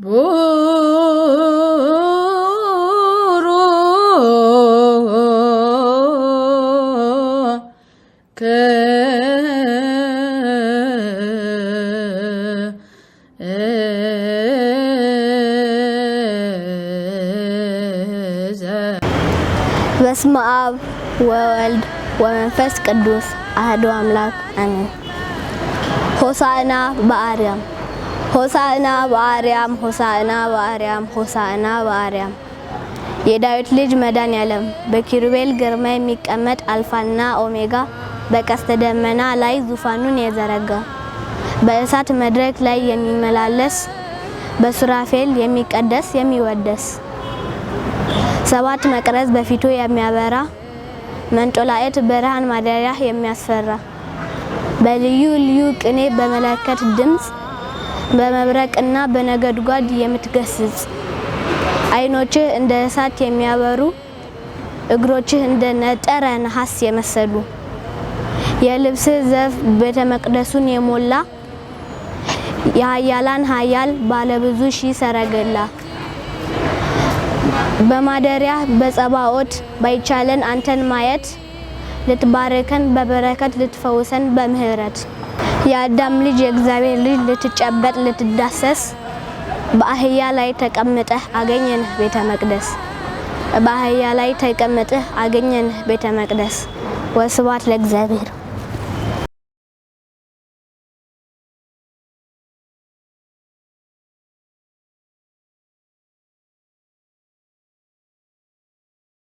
በስመ አብ ወወልድ ወመንፈስ ቅዱስ አሐዱ አምላክ አሜን። ሆሳዕና በአርያም ሆሳዕና በአርያም ሆሳዕና በአርያም ሆሳዕና በአርያም የዳዊት ልጅ መዳን ያለም በኪሩቤል ግርማ የሚቀመጥ አልፋና ኦሜጋ በቀስተ ደመና ላይ ዙፋኑን የዘረጋ በእሳት መድረክ ላይ የሚመላለስ በሱራፌል የሚቀደስ የሚወደስ ሰባት መቅረዝ በፊቱ የሚያበራ መንጦላየት ብርሃን ማደሪያ የሚያስፈራ በልዩ ልዩ ቅኔ በመለከት ድምፅ በመብረቅና በነገድጓድ የምትገስጽ፣ ዓይኖችህ እንደ እሳት የሚያበሩ፣ እግሮችህ እንደ ነጠረ ነሐስ የመሰሉ፣ የልብስህ ዘፍ ቤተ መቅደሱን የሞላ፣ የሀያላን ሀያል ባለብዙ ሺህ ሰረገላ በማደሪያ በጸባኦት ባይቻለን አንተን ማየት ልትባርከን በበረከት ልትፈውሰን በምህረት የአዳም ልጅ የእግዚአብሔር ልጅ ልትጨበጥ ልትዳሰስ በአህያ ላይ ተቀምጠህ አገኘንህ ቤተ መቅደስ በአህያ ላይ ተቀምጠህ አገኘንህ ቤተ መቅደስ። ወስብሐት ለእግዚአብሔር።